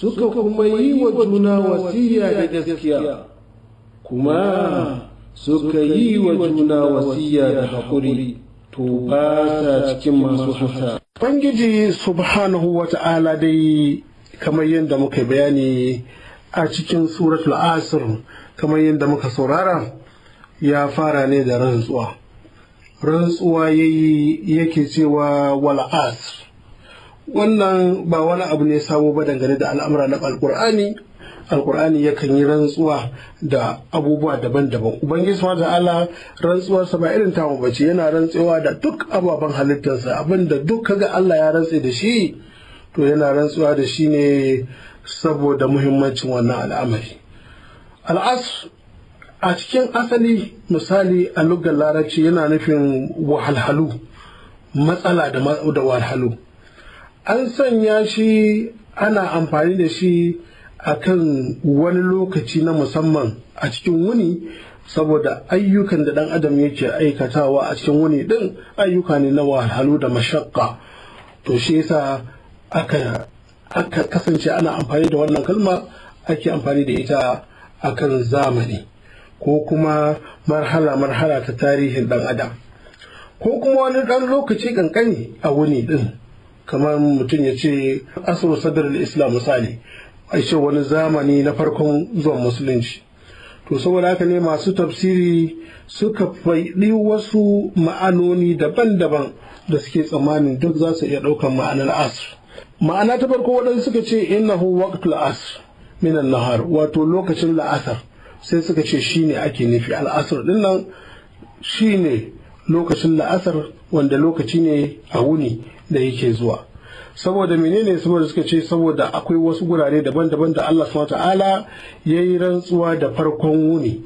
suka kuma yi wa juna wasiya da gaskiya kuma suka yi wa juna wasiya da haƙuri to ba cikin masu hasa. Ubangiji subhanahu wa ta'ala dai kamar yadda muka bayani a cikin suratul asir kamar yadda muka saurara ya fara ne da rantsuwa rantsuwa ya yi yake cewa wal wannan ba wani abu ne sabo ba dangane da al'amura na alkur'ani alkur'ani yakan yi rantsuwa da abubuwa daban-daban ubangiji subhanahu ta'ala rantsuwarsa ba irin tamu bace yana rantsuwa da duk ababen halittarsa abinda duk kaga Allah ya rantse da shi to yana rantsuwa da shi ne saboda muhimmancin wannan al'amari al'as a cikin asali misali a lugar larabci yana nufin wahalhalu matsala da wahalhalu an sanya shi ana amfani da shi a kan wani lokaci na musamman a cikin wuni saboda ayyukan da ɗan adam yake aikatawa a cikin wuni ɗin ayyuka ne na wahalhalu da mashakka to shi yasa aka kasance ana amfani da wannan kalma ake amfani da ita akan zamani ko kuma marhala-marhala ta tarihin ɗan adam ko kuma wani ɗan lokaci ƙanƙani a wuni din. kamar mutum ya ce asiru sadar islam misali a ce wani zamani na farkon zuwan musulunci to saboda haka ne masu tafsiri suka faɗi wasu ma'anoni daban-daban da suke tsammanin duk za su iya ɗaukar ma'anar asir ma'ana ta farko waɗansu suka ce innahu waqtul asr min nahar wato lokacin la'asar sai suka ce shine ake nufi al'asar. din nan shine lokacin la'asar wanda lokaci ne a wuni da yake zuwa saboda menene saboda suka ce saboda akwai wasu gurare daban-daban da Allah subhanahu ta'ala ya yi rantsuwa da farkon wuni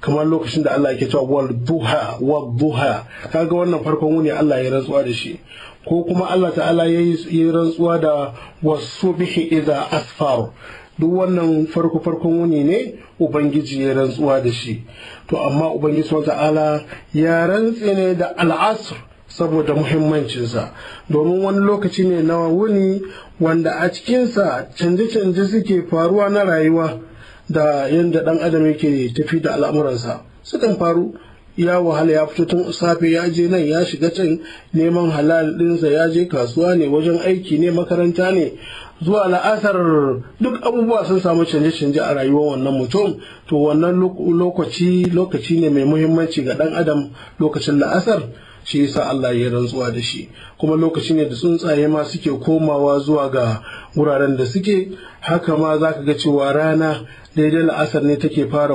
kamar lokacin da Allah ke cewa wal duha wal duha kaga wannan farkon wuni Allah ya rantsuwa da shi ko kuma Allah ta'ala ya yi rantsuwa da wasu bihi idan asfar duk wannan farko farkon wuni ne ubangiji ya rantsuwa da shi to amma ubangiji ta'ala ya rantse ne da al'asr saboda muhimmancinsa domin wani lokaci ne na wuni wanda a cikinsa canje-canje suke faruwa na rayuwa da yadda ɗan adam yake tafi da al'amuransa sukan faru ya wahala ya fito tun safe ya je nan ya shiga can neman halal ɗinsa ya je kasuwa ne wajen aiki ne makaranta ne zuwa la'asar duk abubuwa sun samu canje-canje a rayuwar wannan mutum to wannan lokaci lokaci ne mai muhimmanci ga ɗan adam lokacin la'asar shi yasa Allah ya rantsuwa da shi kuma lokacin da tsuntsaye ma suke komawa zuwa ga wuraren da suke haka ma za ka ga cewa rana daidai la'asar ne take fara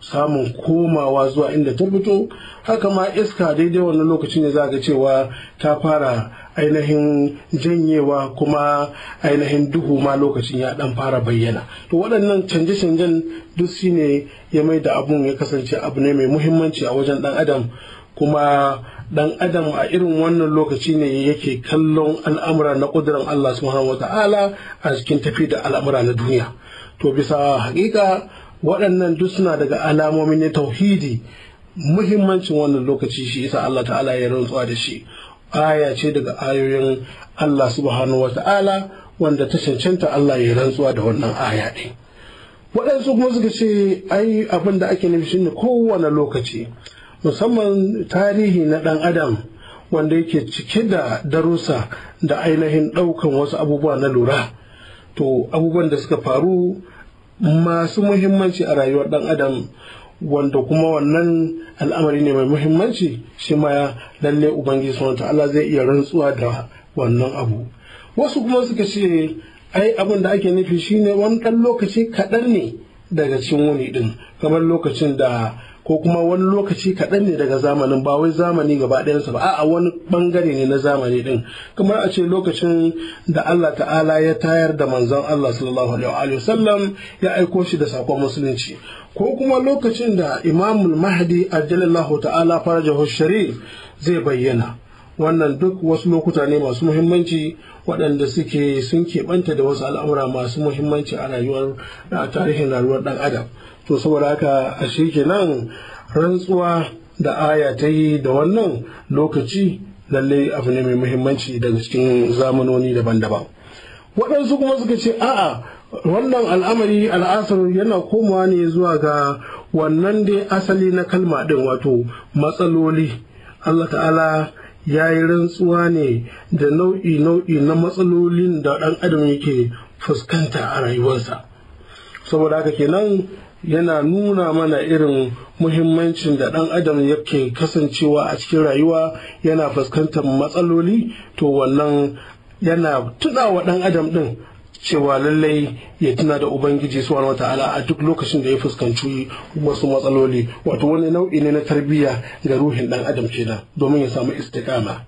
samun komawa zuwa inda ta fito haka ma iska daidai wannan lokacin ne za ga cewa ta fara ainihin janyewa kuma ainihin duhu ma lokacin ya dan fara bayyana to waɗannan canje-canjen duk shine ya mai da abun ya kasance abu ne mai muhimmanci a wajen ɗan adam kuma dan adam a irin wannan lokaci ne yake kallon al'amura na ƙudurin Allah subhanahu wata'ala a cikin tafi da al'amura na duniya to bisa haƙiƙa waɗannan duk suna daga alamomi na tauhidi muhimmancin wannan lokaci shi isa Allah ta'ala ya rantsuwa da shi aya ce daga ayoyin Allah subhanahu wata'ala wanda ta cancanta Allah ya rantsuwa da wannan aya ɗin waɗansu kuma suka ce ai abin da ake nufi ne kowane lokaci musamman tarihi na ɗan adam wanda yake cike da darussa da ainihin ɗaukan wasu abubuwa na lura to abubuwan da suka faru masu muhimmanci a rayuwar ɗan adam wanda kuma wannan al'amari ne mai muhimmanci shi ma lalle ubangiji sun ta'ala zai iya rantsuwa da wannan abu wasu kuma suka ce ai abin da ake nufi shine wani ɗan lokaci kaɗan ne daga cin wuni ɗin kamar lokacin da ko kuma wani lokaci kaɗan ne daga zamanin ba wai zamani gaba ɗayansa ba a wani ɓangare ne na zamani ɗin kamar a ce lokacin da Allah ta'ala ya tayar da manzon Allah sallallahu alaihi wa sallam ya aiko shi da sakon musulunci ko kuma lokacin da imamul mahdi ajalallahu ta'ala farajahu sharif zai bayyana wannan duk wasu lokuta ne masu muhimmanci waɗanda suke sun keɓanta da wasu al'amura masu muhimmanci a rayuwar tarihin rayuwar ɗan adam to saboda haka a shi nan rantsuwa da aya ta yi da wannan lokaci lallai abu ne mai muhimmanci daga cikin zamanoni daban-daban waɗansu kuma suka ce a'a wannan al'amari al'asar yana komawa ne zuwa ga wannan dai asali na kalma ɗin wato matsaloli allah ta'ala ya yi rantsuwa ne da nau'i-nau'i na matsalolin da ɗan adam yake fuskanta a rayuwarsa saboda haka kenan yana nuna mana irin muhimmancin da ɗan adam yake kasancewa a cikin rayuwa yana fuskantar matsaloli to wannan yana tunawa ɗan adam ɗin cewa lallai ya tuna da ubangiji subhanahu wata'ala a duk lokacin da ya fuskanci wasu matsaloli wato wani nau'i ne na tarbiyya ga ruhin ɗan adam kenan domin ya samu istikama.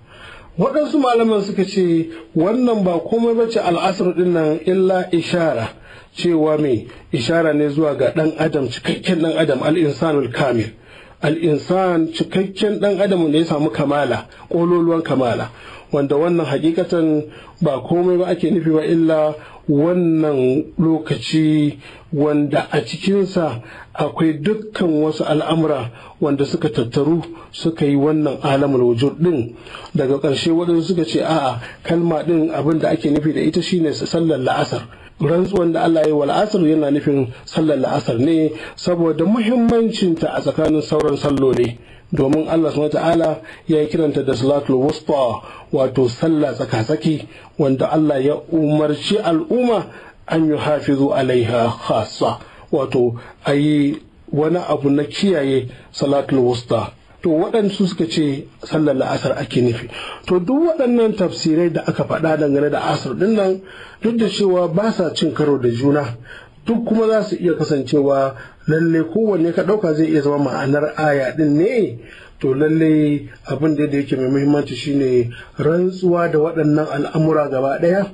waɗansu malaman suka ce wannan ba komai bace al'asar dinnan illa ishara cewa mai ishara ne zuwa ga ɗan adam cikakken ɗan adam al-insanul kamil al'insan cikakken ɗan adam ne ya samu kamala ƙololuwan kamala wanda wannan hakikatan ba komai ba ake nufi ba illa wannan lokaci wanda a cikinsa akwai dukkan wasu al'amura wanda suka tattaru suka yi wannan alamul wujud ɗin daga ƙarshe waɗansu suka ce a'a kalma ɗin abin da ake nufi da ita shine sallar la'asar rantsuwan da Allah ya wal asr yana nufin sallar la'asar ne saboda muhimmancinta a tsakanin sauran salloli domin Allah subhanahu ta'ala ya yi kiranta da salatul wusta wato sallah tsakatsaki wanda Allah ya umarci al'umma an yi hafizu alaiha khassa wato a yi wani abu na kiyaye salatul wusta to waɗansu suka ce sallar la'asar ake nufi to duk waɗannan tafsirai da aka faɗa dangane da asar din nan duk da cewa ba sa cin karo da juna duk kuma za su iya kasancewa lalle kowanne ka ɗauka zai iya zama ma'anar aya din ne to lalle abin da yake mai muhimmanci shine rantsuwa da waɗannan al'amura gaba ɗaya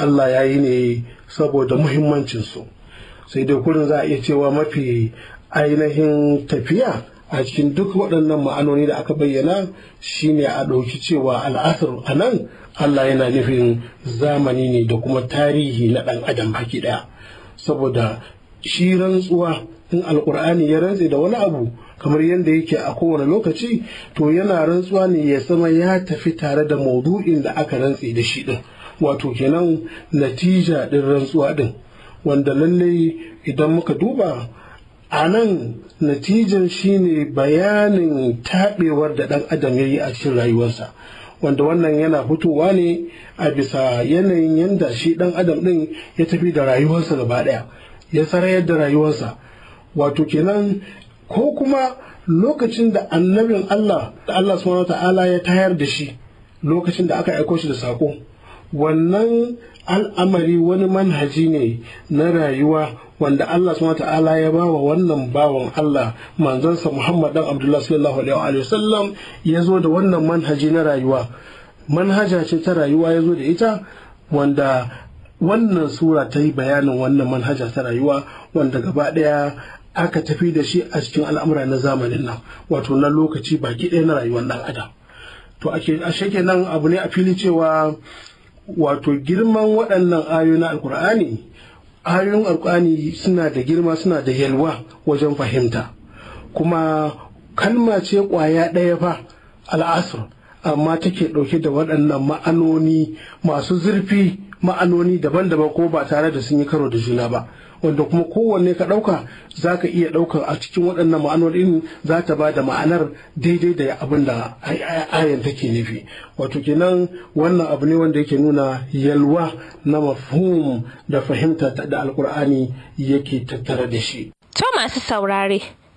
Allah ya yi ne saboda muhimmancinsu sai dai kurin za a iya cewa mafi ainihin tafiya a cikin duk waɗannan ma'anoni da aka bayyana shine a ɗauki cewa al'asar a nan Allah yana nufin zamani ne da kuma tarihi na ɗan adam baki ɗaya saboda shi rantsuwa in alƙur'ani ya rantse da wani abu kamar yadda yake a kowane lokaci to yana rantsuwa ne ya sama ya tafi tare da maudu'in da aka rantse da shi ɗin wato kenan natija ɗin rantsuwa ɗin wanda lallai idan muka duba a nan natijan shine bayanin taɓewar da ɗan adam ya yi a cikin rayuwarsa wanda wannan yana fitowa ne a bisa yanayin yadda shi ɗan adam ɗin ya tafi da rayuwarsa gaba ɗaya ya sarayar da rayuwarsa wato kenan ko kuma lokacin da annabin Allah da Allah subhanahu ya tayar da shi lokacin da aka aiko shi da sako wannan al'amari wani manhaji ne na rayuwa wanda Allah subhanahu ta'ala ya ba wa wannan bawan Allah manzansa Muhammad dan Abdullah sallallahu alaihi wasallam ya zo da wannan manhaji na rayuwa manhaja ce ta rayuwa ya zo da ita wanda wannan sura ta yi bayanin wannan manhaja ta rayuwa wanda gaba ɗaya aka tafi da shi a cikin al'amura na zamanin nan wato na lokaci baki ɗaya na rayuwar ɗan adam to a shekenan abu ne a fili cewa wato girman waɗannan ayoyi na alkur'ani ayoyin alkur'ani suna da girma suna da yalwa wajen fahimta kuma kalma ce ƙwaya ɗaya fa al'asr amma take ɗauke da waɗannan ma'anoni masu zurfi ma'anoni daban-daban ko ba tare da sun yi karo da juna ba wanda kuma kowanne ka ɗauka za ka iya ɗaukar a cikin waɗannan ma'anonin za ta ba da ma'anar daidai da abin da ayan take nufi wato kenan wannan abu ne wanda yake nuna yalwa na mafhum da fahimta da alkur'ani yake tattara da shi. To masu saurare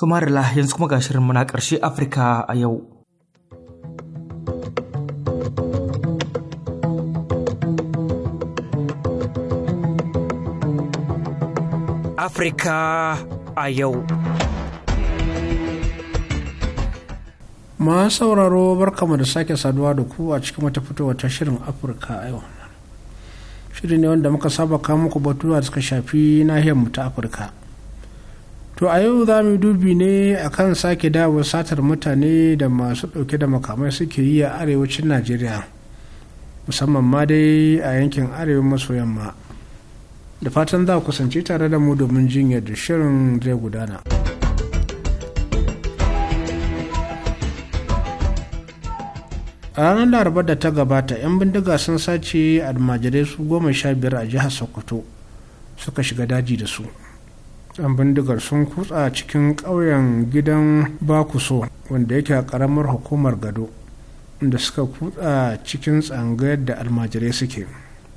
Somarila yanzu kuma ga shirin muna ƙarshe Afirka a yau. Afirka a yau. Masu sauraro barkamu da sake saduwa da ku a cikin wata fitowa ta shirin Afirka a yau. Shirin ne wanda muka saba kawo muku batuwa da suka shafi nahiyar mu ta Afirka. to a yau za mu dubi ne akan sake dawo satar mutane da masu ɗauke da makamai suke yi a arewacin najeriya musamman ma dai a yankin arewa maso yamma da fatan za ku kusance tare da mu domin jin yadda shirin zai gudana. a ranar laraba da ta gabata 'yan bindiga sun sace almajirai su goma sha biyar a jihar sokoto suka shiga daji da su 'yan bindigar sun kutsa cikin ƙauyen gidan bakuso wanda yake a ƙaramar hukumar gado da suka kutsa cikin tsangayar da almajirai suke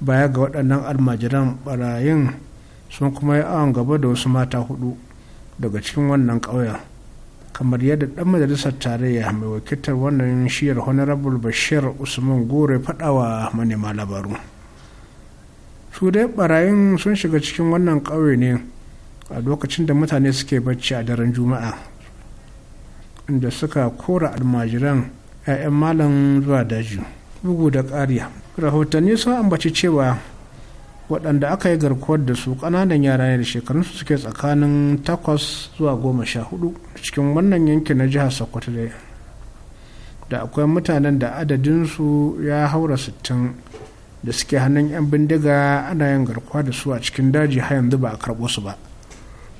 baya ga waɗannan almajiran ɓarayin sun kuma yi awon gaba da wasu mata hudu daga cikin wannan ƙauyen kamar yadda ɗan majalisar tarayya mai wakiltar wannan shiyar honorable bashir usman gore faɗawa manema labaru su dai ɓarayin sun shiga cikin wannan ƙauye ne a lokacin da mutane suke bacci a daren juma'a inda suka kora almajiran 'ya'yan malam zuwa daji bugu da ƙariya rahotanni sun ambaci cewa waɗanda aka yi garkuwar da su ƙananan yara ne da shekarunsu suke tsakanin takwas zuwa goma sha hudu cikin wannan yanki na jihar sokoto da da akwai mutanen da adadinsu ya haura sittin da suke hannun 'yan bindiga ana yin garkuwa da su a cikin daji har yanzu ba a karɓo su ba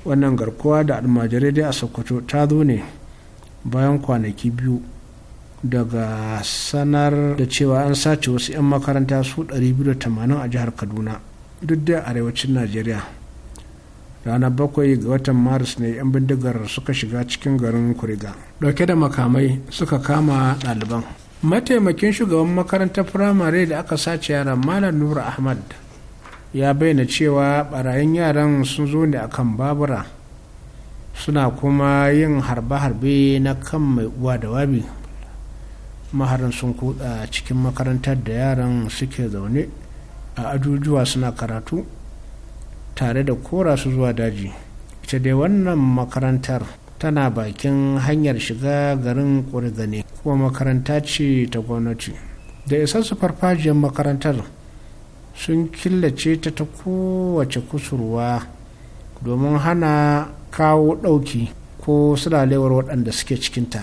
wannan garkuwa da almajirai dai a sokoto ta zo ne bayan kwanaki biyu daga sanar da cewa an sace wasu 'yan makaranta su 280 a jihar kaduna duk da arewacin najeriya ranar bakwai ga watan maris ne 'yan bindigar suka shiga cikin garin kuriga dauke da makamai suka kama ɗaliban mataimakin shugaban makarantar firamare da aka sace yaran malam nura ahmad ya bayyana cewa barayin yaran sun zo ne akan babura suna kuma yin harbe-harbe na kan mai uwa da wabi maharin sun kuda cikin makarantar da yaran suke zaune a ajujuwa suna karatu tare da kora su zuwa daji ita dai wannan makarantar tana bakin hanyar shiga garin kurgane kuma makaranta ce ta gwamnati da isa su farfajiyar makarantar sun killace ta ta kowace kusurwa domin hana kawo ɗauki ko sulalewar waɗanda suke cikinta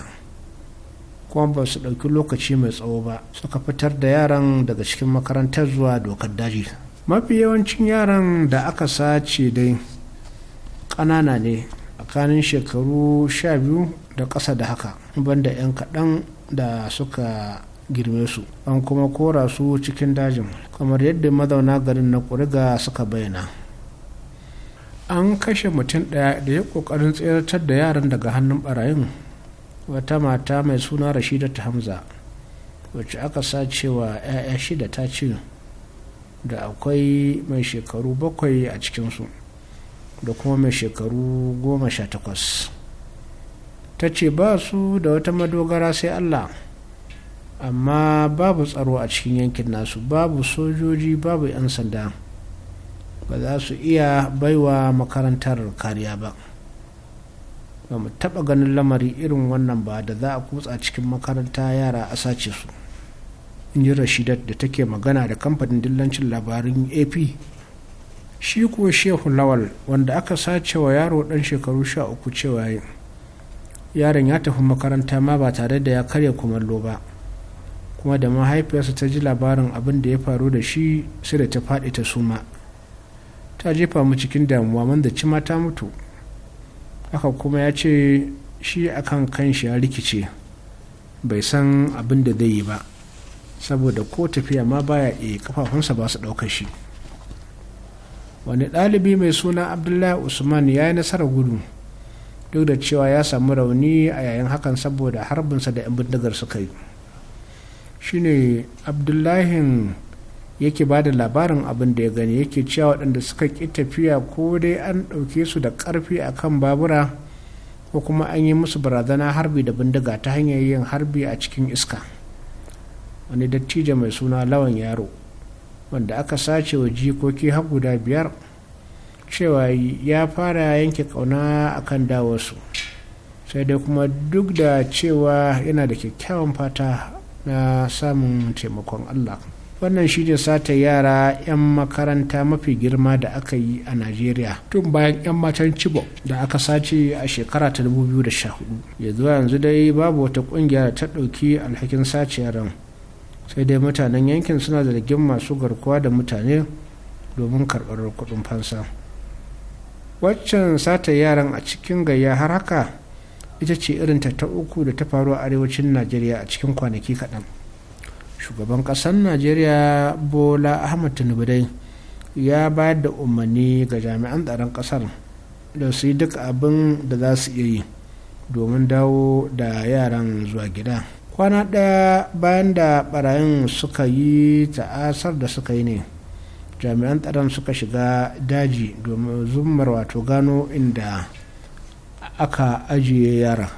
kuma ba su ɗauki lokaci mai tsawo ba suka fitar da yaran daga cikin makarantar zuwa dokar daji mafi yawancin yaran da aka sace dai ƙanana ne tsakanin shekaru sha biyu da ƙasa da haka banda 'yan kaɗan da suka girme su an kuma kora su cikin dajin kamar yadda mazauna garin na kuriga suka bayyana an kashe mutum ɗaya da ya ƙoƙarin tseratar da yaran daga hannun barayin. wata mata mai suna rashida ta hamza wacce aka sa cewa 'ya'ya shida ta ce da akwai mai shekaru bakwai a cikinsu da kuma mai shekaru goma sha takwas ta ce ba su da wata madogara sai allah amma babu tsaro a cikin yankin nasu babu sojoji babu 'yan sanda ba za su iya baiwa makarantar kariya ba ba mu taɓa ganin lamari irin wannan ba da za a kutsa cikin makaranta yara a sace su in ji rashidat da take magana da kamfanin dillancin labarin ap shi kuwa shehu lawal wanda aka sace wa yaro ɗan shekaru sha uku cewa yaron ya tafi makaranta ma ba tare da ya karya kumallo ba kuma da mahaifiyarsa ta ji labarin abin da ya faru da shi sai da ta faɗi ta suma ta jefa mu cikin damuwa man da cima ta mutu haka kuma ya ce shi akan kanshi ya rikice bai san abin da zai yi ba saboda ko tafiya ma baya e kafafunsa ba su ɗauka shi wani ɗalibi mai suna abdullahi usman ya yi nasarar gudu duk da cewa ya samu rauni a yayin hakan saboda harbinsa da 'yan bindigar suka yi shine abdullahin yake ba da labarin abin da ya gani yake cewa waɗanda suka ƙi tafiya ko dai an ɗauke su da ƙarfi a kan babura ko kuma an yi musu barazana harbi da bindiga ta hanyar yin harbi a cikin iska wani dattijo mai suna lawan yaro wanda aka sace wa jikoki har guda biyar cewa ya fara yanke ƙauna a kan dawarsu sai dai kuma duk da cewa yana da kyakkyawan fata na samun taimakon allah wannan shi ne sata yara 'yan makaranta mafi girma da aka yi a najeriya tun bayan 'yan matan chibok da aka sace a shekara ta 2014 ya zuwa yanzu dai babu wata kungiya da ta ɗauki alhakin sace yaran sai dai mutanen yankin suna zargin masu garkuwa da mutane domin karɓar kuɗin fansa waccan sata yaran a cikin gayya har haka ita ce irin ta ta uku da ta faru a arewacin najeriya a cikin kwanaki kaɗan shugaban ƙasar najeriya bola ahmad tinubu dai ya bayar da umarni ga jami'an tsaron ƙasar da su yi duk abin da za su iya yi domin dawo da yaran zuwa gida kwana ɗaya bayan da barayin suka yi ta'asar da suka yi ne jami'an tsaron suka shiga daji domin zumar wato gano inda aka ajiye yara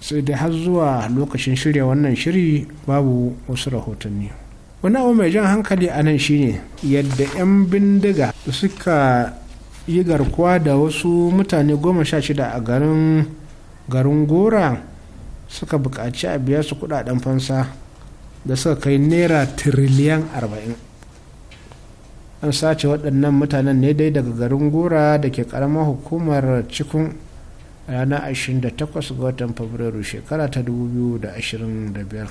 sai dai har zuwa lokacin shirya wannan shiri babu wasu rahotanni wani abu mai jan hankali a nan shine yadda 'yan bindiga suka yi garkuwa da wasu mutane goma sha shida a garin garin gora suka buƙaci a biya su kudaden fansa da suka kai naira tiriliyan arba'in an sace waɗannan mutanen ne dai daga garin gora da ke ƙaramar hukumar cikin ranar 28 ga watan fabrairu shekara ta 2025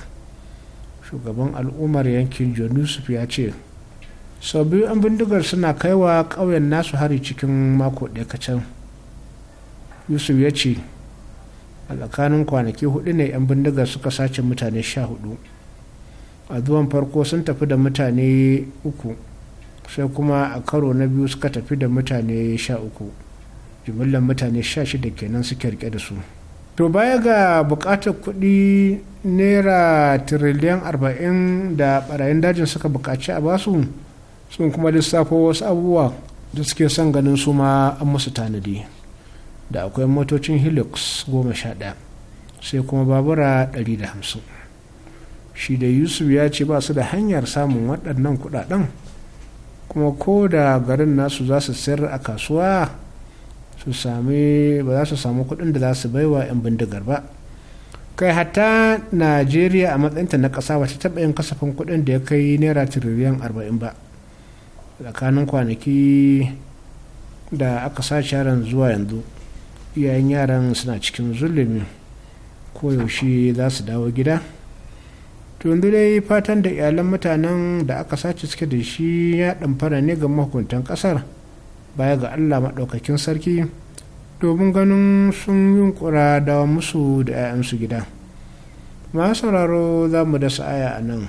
shugaban al'ummar yankin john yusuf ya ce sau biyu an bindigar suna kaiwa ƙauyen nasu hari cikin mako ɗaya kacan yusuf ya ce a tsakanin kwanaki hudu ne 'yan bindigar suka sace mutane sha hudu a zuwan farko sun tafi da mutane uku sai kuma a karo na biyu suka tafi da mutane sha uku jimillar mutane 16 kenan suke rike da su to baya ga bukatar kuɗi naira tiriliyan 40 da barayin dajin suka bukaci a basu sun kuma lissafo wasu abubuwa da suke son ganin su ma an musu tanadi da akwai motocin helix 11 sai kuma babura 150 shi da yusuf ya ce ba su da hanyar samun waɗannan kuɗaɗen kuma ko da garin nasu za su sayar a kasuwa su sami ba za su samu kuɗin da za su wa 'yan bindigar ba kai hatta najeriya a matsayinta na ƙasa ba ta taɓa yin kasafin kuɗin da ya kai naira tiriliyan 40 ba tsakanin kwanaki da aka sa sharan zuwa yanzu iyayen yaran suna cikin zulumi koyaushe za su dawo gida yanzu dai fatan da iyalan mutanen da aka sace suke da shi ya fara ne ga mahukuntan ƙasar baya ga allah maɗaukakin sarki domin ganin sun yunkura da musu da 'ya'yansu gida masu sauraro za mu dasa aya a nan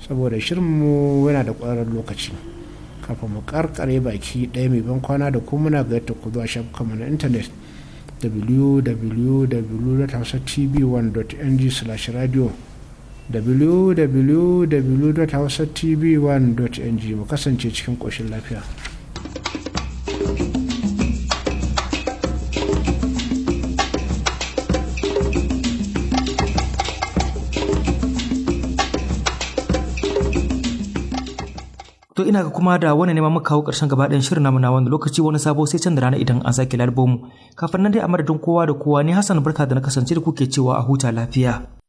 saboda shirinmu yana da ƙwararren lokaci kafin mu karkare baki ɗaya mai ban kwana da kuma muna ga yadda ku zuwa mu na intanet www.hausatv1.ng/radio www.hausatv1.ng mu kasance cikin ƙoshin lafiya. to ina ga kuma da wani neman muka kawo karshen gaba ɗayan shirin namu wanda lokaci wani sabo sai can da rana idan an sake larbo mu kafin nan dai a madadin kowa da kowa ne Hassan barka da na kasance da kuke cewa a huta lafiya